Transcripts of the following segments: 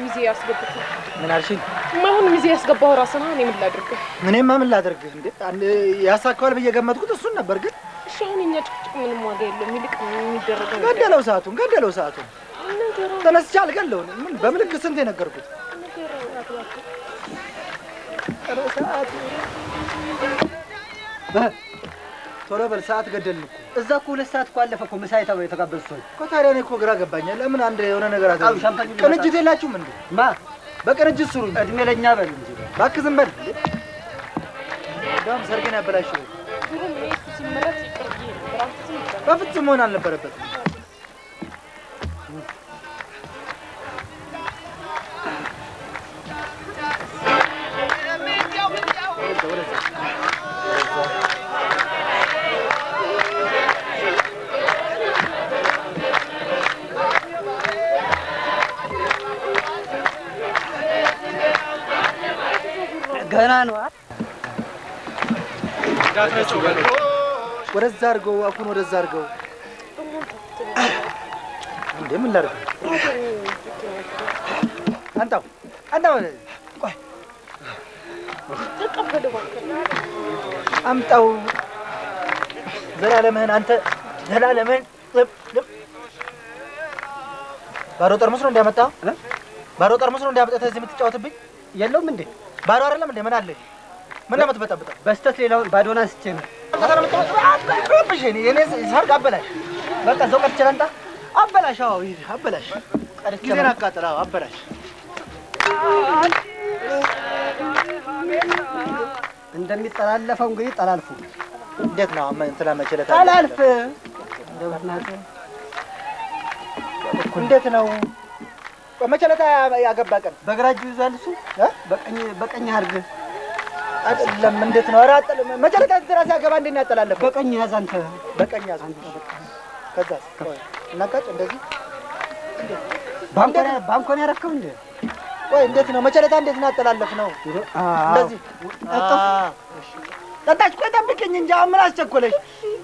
ሚዜ ምን አልሽኝ? ሚዜ ያስገባው ራስህ እኔ ምን ላድርግ? እኔማ ምን ላድርግ? ያሳካዋል ብዬ ገመትኩት እሱን ነበር። ግን እሺ፣ አሁን ጭቅጭቅ ምንም ዋጋ የለውም። ይልቅ የሚደረገው ገደለው፣ ሰዓቱን ገደለው፣ ሰዓቱን ምን ስንት የነገርኩት ቶሎ በል፣ ሰዓት ገደልኩ። እዛ እኮ ሁለት ሰዓት እኮ አለፈ እኮ ምሳ የተጋበዙ ሰው እኮ። ታዲያ እኔ እኮ ግራ ገባኛል። ለምን አንድ የሆነ ነገር አታ ቅንጅት የላችሁም እንዴ? ማ በቅንጅት ስሩ። እድሜ ለእኛ በል እንጂ እባክህ ዝም በል። እንዳውም ሰርጌን ያበላሸው በፍጹም መሆን አልነበረበትም። ወደዛ አድርገው፣ አፉን ወደዛ አድርገው። እንዴ ምን ላድርግ? አንጣው አንጣው፣ ቆይ አምጣው። ዘላለምህን አንተ ዘላለምህን ባዶ ጠርሙስ ነው እንዲያመጣ ባዶ ጠርሙስ ነው እንዲያመጣ እዚህ የምትጫወትብኝ የለውም እንዴ? ባዶ አይደለም እንዴ? ምን ምን ለምትበጠብጠ በስተት ሌላውን ባዶና ስቼ ነው ሰርግ አበላሽ። በቃ እዛው ቀርቼ ላምጣ። አበላሽ። አዎ ይሄ አበላሽ። ጊዜን አቃጥል። አዎ አበላሽ። እንደሚጠላለፈው እንግዲህ ጠላልፉ። እንዴት ነው እንትና መቼ ጠላልፍ? እንዴት ነው መቼ ያገባ ቀን በግራ እጁ ይዟል እሱ በቀኝ በቀኝ አይደለም። እንዴት ነው? ኧረ አጠለ መጨረቃ ድረስ ያገባ እንዴት ነው ያጠላለፈ? በቀኝ ያዝ አንተ፣ በቀኝ ያዝ አንተ። ከዛስ እናቃጭ እንደዚህ ባንኮን ባንኮን ያረከው እንዴ? ወይ እንዴት ነው መጨረቃ? እንዴት ነው ያጠላለፍ ነው እንደዚህ? ጠጣች። ቆይ ጠብቅኝ እንጂ አሁን ምን አስቸኮለሽ?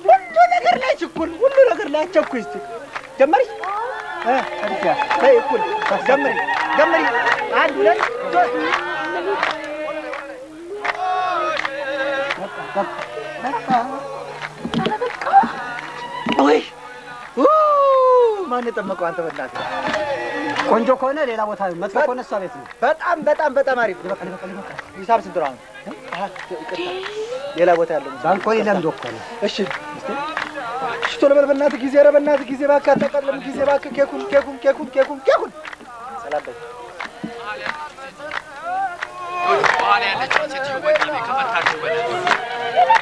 ሁሉ ነገር ላይ ችኩል፣ ሁሉ ነገር ላይ አስቸኩይ። እስኪ ጀመርሽ ጀምሪ፣ ጀምሪ። አንድ ሁለት ሶስት ማን የጠመቀው? አንተ በእናትህ ቆንጆ ከሆነ ሌላ ቦታ፣ መጥፎ ከሆነ እሷ ቤት ነው። በጣም በጣም በጣም አሪፍ። ሂሳብ ስንት ነው? ሌላ ቦታ ያለው ባንኮኒ ለምዶ እኮ ነው። እሺ ቶሎ በል በእናትህ፣ ጊዜ ኧረ በእናትህ ጊዜ እባክህ፣ አታቀልም ጊዜ እባክህ። ኬኩን ኬኩን ኬኩን ኬኩን ኬኩን ሰላም በል ሴትዮ ወጣ ከመታችሁ በለ ኬክ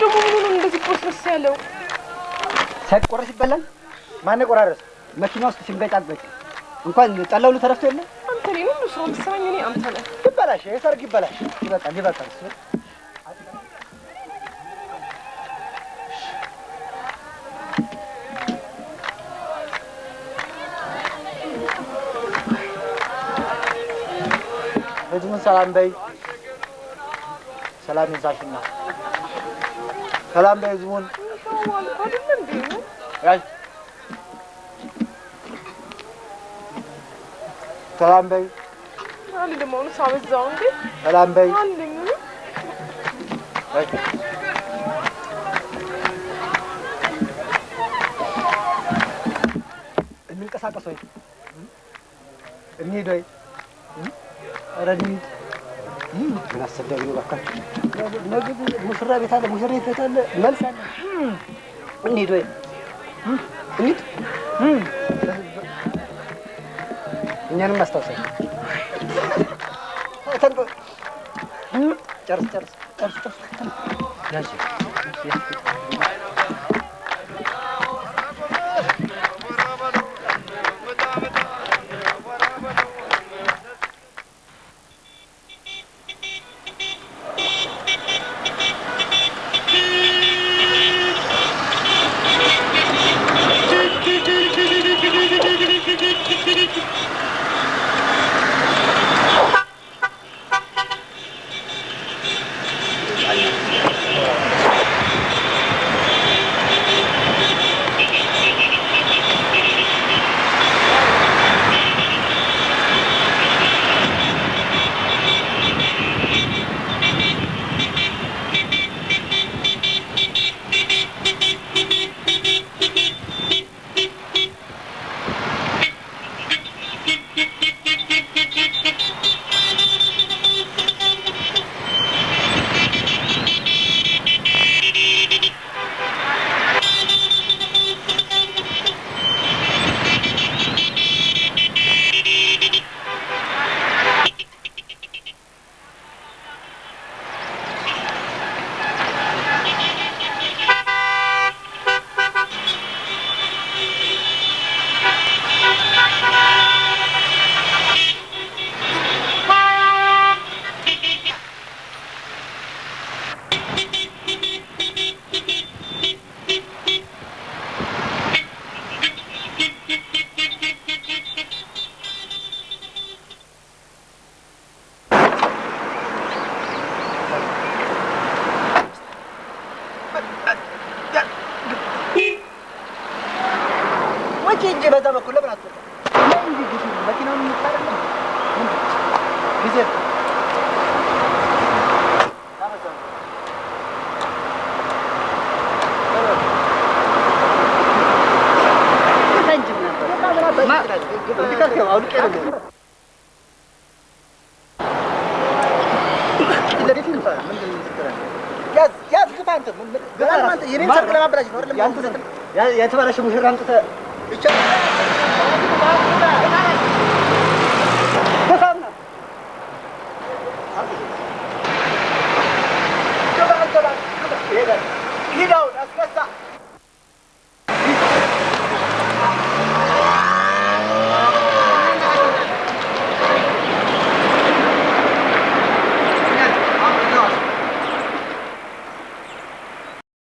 ደግሞ ምን ሆኖ እንደዚህ ቆስለስ ያለው? ሳይቆረስ ይበላል። ማነው ቆራረሰ? መኪና ውስጥ ሲንበጫበጭ እንኳን ጠላው ሁሉ ተረፍቶ የለ። አንተ ነህ ሁሉ ሰው የምትሰማኝ እኔ አንተ ነህ። ይበላሽ፣ የሰርግ ይበላሽ። ይበቃል፣ ይበቃል። ሰላም በይ። ሰላም ይንሳሽና ሰላም በይ ህዝቡን ሰላም በይ። ሰላም በይ። እንንቀሳቀስ ወይ እንሂድ ወይ ረድሚት ምን አሰዳቢ ነው እባካችሁ። ምግብ ሙሽራ ቤት አለ፣ ሙሽራ ቤት አለ፣ መልስ አለ። እንሂድ ወይ እንሂድ። እኛንም አስታውሳል። ጨርስ ጨርስ ጨርስ ጨርስ በኩል ለምን አትወጣም? መኪናውን የምታደርገው ጊዜ የተበላሸ ሙሽራ አምጥተህ Vamos lá, vamos lá.